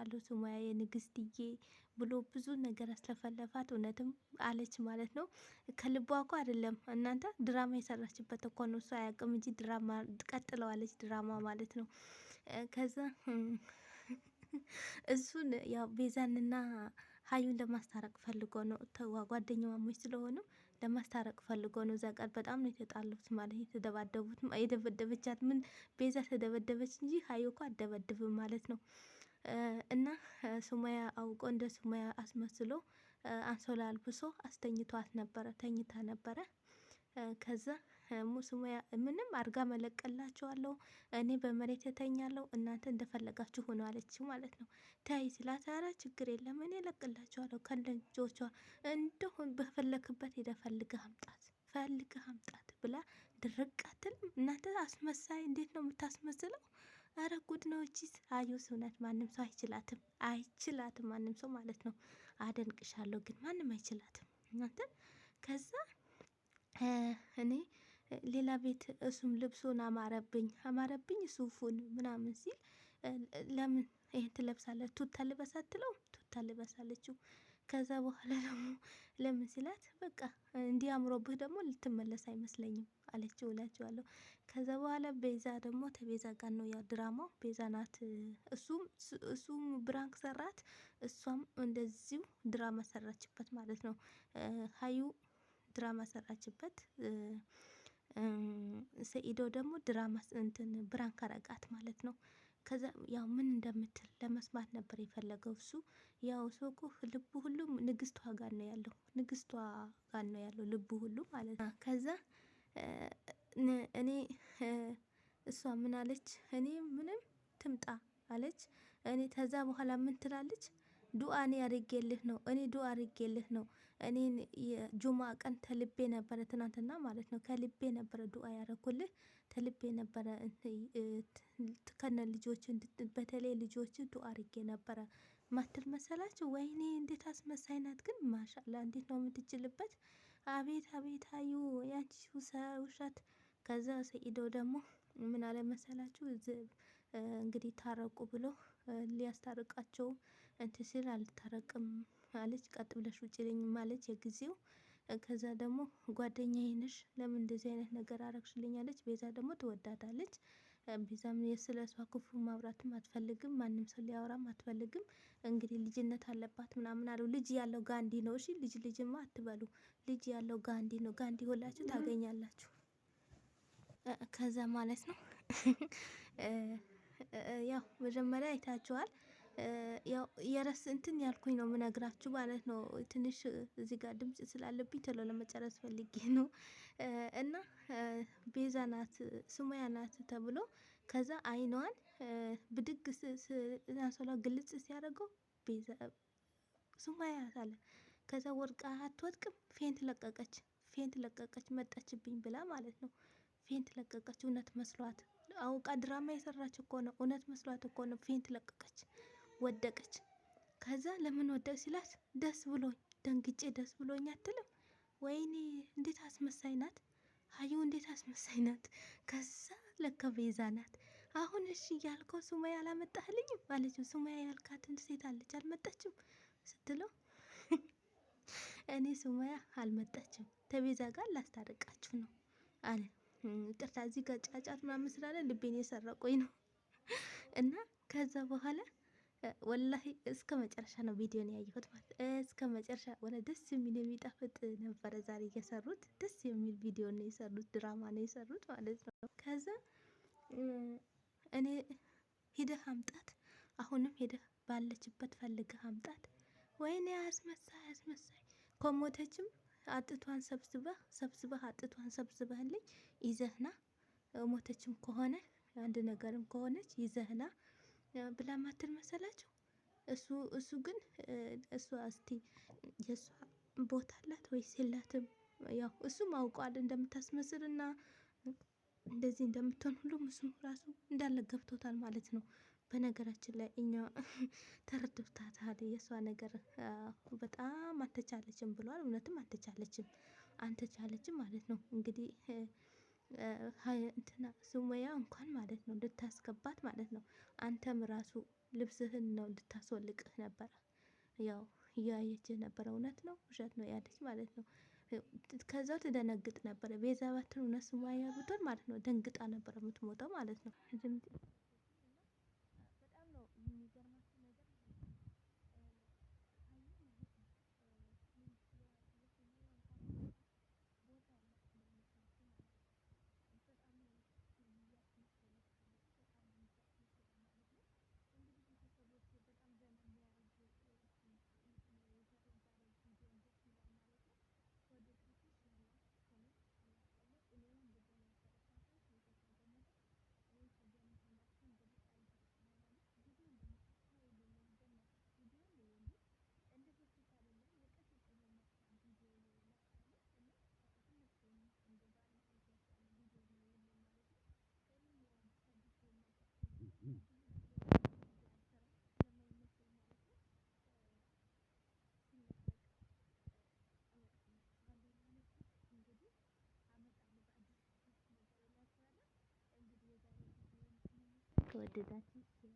አመሰግንሻለሁ ሱማያ ንግስትዬ ብሎ ብዙ ነገር አስለፈለፋት። እውነትም አለች ማለት ነው። ከልቧ እኮ አይደለም እናንተ ድራማ የሰራችበት እኮ ነው። እሱ አያውቅም እንጂ ድራማ ቀጥለዋለች፣ ድራማ ማለት ነው። ከዛ እሱን ያው ቤዛንና ሀዩን ለማስታረቅ ፈልጎ ነው። ጓደኛማሞች ስለሆኑ ለማስታረቅ ፈልጎ ነው። እዛ ቀር በጣም ነው የተጣሉት ማለት ነው። የተደባደቡት። የደበደበቻት ምን ቤዛ ተደበደበች እንጂ ሀዩ እኮ አደበድብም ማለት ነው። እና ሱማያ አውቆ እንደ ሱማያ አስመስሎ አንሶላ አልብሶ አስተኝቷት ነበረ፣ ተኝታ ነበረ። ከዛ ሙስሙያ ምንም አርጋ መለቀላችኋለሁ፣ እኔ በመሬት ተኛለሁ፣ እናንተ እንደፈለጋችሁ ሆኖ አለች ማለት ነው። ተይ ስላት ኧረ ችግር የለም እኔ ለቅላችኋለሁ ከልጆቿ እንደሁን በፈለክበት ሄደ ፈልገህ አምጣት፣ ፈልገ አምጣት ብላ ድርቅ አትልም። እናንተ አስመሳይ እንዴት ነው የምታስመስለው? አረ ጉድ ነው እቺስ አዩስ። እውነት ማንም ሰው አይችላትም፣ አይችላትም ማንም ሰው ማለት ነው። አደንቅሻለሁ፣ ግን ማንም አይችላትም እናንተ። ከዛ እኔ ሌላ ቤት እሱም ልብሱን አማረብኝ፣ አማረብኝ ሱፉን ምናምን ሲል ለምን ይህን ትለብሳለች ቱታ ልበሳትለው ቱታ ልበሳለችው ከዛ በኋላ ደግሞ ለምን ሲላት በቃ እንዲህ አምሮብህ ደግሞ ልትመለስ አይመስለኝም አለች እውላችኋለሁ። ከዛ በኋላ ቤዛ ደግሞ ተቤዛ ጋር ነው ያው ድራማው ቤዛ ናት። እሱም እሱም ብራንክ ሰራት፣ እሷም እንደዚሁ ድራማ ሰራችበት ማለት ነው። ሀዩ ድራማ ሰራችበት፣ ሰኢዶ ደግሞ ድራማ እንትን ብራንክ አረጋት ማለት ነው። ከዛ ያው ምን እንደምትል ለመስማት ነበር የፈለገው እሱ። ያው ሰው ልቡ ሁሉም ንግስቷ ጋር ነው ያለው፣ ንግስቷ ጋር ነው ያለው ልቡ ሁሉ ማለት ነው። ከዛ እኔ እሷ ምን አለች? እኔ ምንም ትምጣ አለች። እኔ ከዛ በኋላ ምን ትላለች? ዱአ እኔ አድርጌልህ ነው እኔ ዱአ አድርጌልህ ነው። እኔ የጁማ ቀን ተልቤ ነበረ ትናንትና ማለት ነው ከልቤ ነበረ ዱአ ያረኩልህ ተልቤ ነበረ። ከነ ልጆች በተለይ ልጆችን ዱአ አድርጌ ነበረ ማትል መሰላችሁ ወይኔ እንዴት አስመሳይ ናት ግን ማሻላ እንዴት ነው የምትችልበት? አቤት አቤት አዩ ያቺ ውሻት። ከዛ ሰኢዶ ደግሞ ምን አለ መሰላችሁ? እንግዲህ ታረቁ ብሎ ሊያስታርቃቸው እንትን ሲል አልታረቅም አለች። ቀጥ ብለሽ ውጭ ልኝ ማለች የጊዜው። ከዛ ደግሞ ጓደኛዬ ነሽ ለምን እንደዚህ አይነት ነገር አረግሽልኝ አለች። ቤዛ ደግሞ ትወዳታለች። ቤዛም የስለ እሷ ክፉ ማብራትም አትፈልግም። ማንም ሰው ሊያወራም አትፈልግም። እንግዲህ ልጅነት አለባት ምናምን አለው። ልጅ ያለው ጋንዲ ነው። እሺ ልጅ ልጅማ አትበሉ። ልጅ ያለው ጋንዲ ነው። ጋንዲ ሁላችሁ ታገኛላችሁ። ከዛ ማለት ነው ያው መጀመሪያ አይታችኋል። ያው የረስ እንትን ያልኩኝ ነው ምነግራችሁ ማለት ነው። ትንሽ እዚህ ጋር ድምጽ ስላለብኝ ቶሎ ለመጨረስ ፈልጌ ነው። እና ቤዛ ናት ስሙያ ናት ተብሎ ከዛ አይኗን ብድግ ስናሰላ ግልጽ ሲያደርገው ቤዛ ስሙያ አለ። ከዛ ወድቃ አትወድቅም፣ ፌንት ለቀቀች። ፌንት ለቀቀች መጣችብኝ ብላ ማለት ነው። ፌንት ለቀቀች እውነት መስሏት አውቃ ድራማ የሰራች እኮ ነው። እውነት መስሏት እኮ ነው ፌንት ለቀቀች። ወደቀች። ከዛ ለምን ወደቅ ሲላት ደስ ብሎኝ ደንግጬ ደስ ብሎኝ አትልም። ወይኔ እንዴት አስመሳይ ናት ሀዩ፣ እንዴት አስመሳይ ናት። ከዛ ለካ ቤዛ ናት። አሁን እሺ እያልከው ሱመያ አላመጣህልኝም አለችው። ሱመያ ያልካትን ሴት አለች አልመጣችም ስትለው እኔ ሱመያ አልመጣችም ተቤዛ ጋር ላስታርቃችሁ ነው አለ። ይቅርታ እዚህ ጋር ጫጫት ምናምን ስላለ ልቤን የሰረቆኝ ነው እና ከዛ በኋላ ወላሂ እስከ መጨረሻ ነው ቪዲዮን ያየሁት ማለት እስከ መጨረሻ ወደ ደስ የሚል የሚጣፍጥ ነበረ። ዛሬ የሰሩት ደስ የሚል ቪዲዮ ነው የሰሩት፣ ድራማ ነው የሰሩት ማለት ነው። ከዛ እኔ ሂደህ አምጣት፣ አሁንም ሂደህ ባለችበት ፈልገህ አምጣት። ወይኔ አስመሳይ አስመሳይ፣ ከሞተችም አጥቷን ሰብስበህ ሰብስበህ አጥቷን ሰብስበህልኝ ይዘህና ሞተችም ከሆነ አንድ ነገርም ከሆነች ይዘህና ብላ ማትል መሰላችሁ? እሱ እሱ ግን እሷ እስቲ የእሷ ቦታ አላት ወይስ የላትም? ያው እሱም አውቋል እንደምታስመስል እና እንደዚህ እንደምትሆን ሁሉም እሱም ራሱ እንዳለ ገብቶታል ማለት ነው። በነገራችን ላይ እኛ ተረድብታታል የእሷ ነገር በጣም አልተቻለችም ብሏል። እውነትም አልተቻለችም አልተቻለችም ማለት ነው እንግዲህ እንትና ሱሙያ እንኳን ማለት ነው ልታስገባት ማለት ነው። አንተም ራሱ ልብስህን ነው ልታስወልቅህ ነበረ። ያው እያየች ነበረ። እውነት ነው ውሸት ነው ያለች ማለት ነው። ከዛው ትደነግጥ ነበረ። ቤዛ ባትን እውነት ሱሙያ ብትሆን ማለት ነው ደንግጣ ነበረ የምትሞተው ማለት ነው። did that.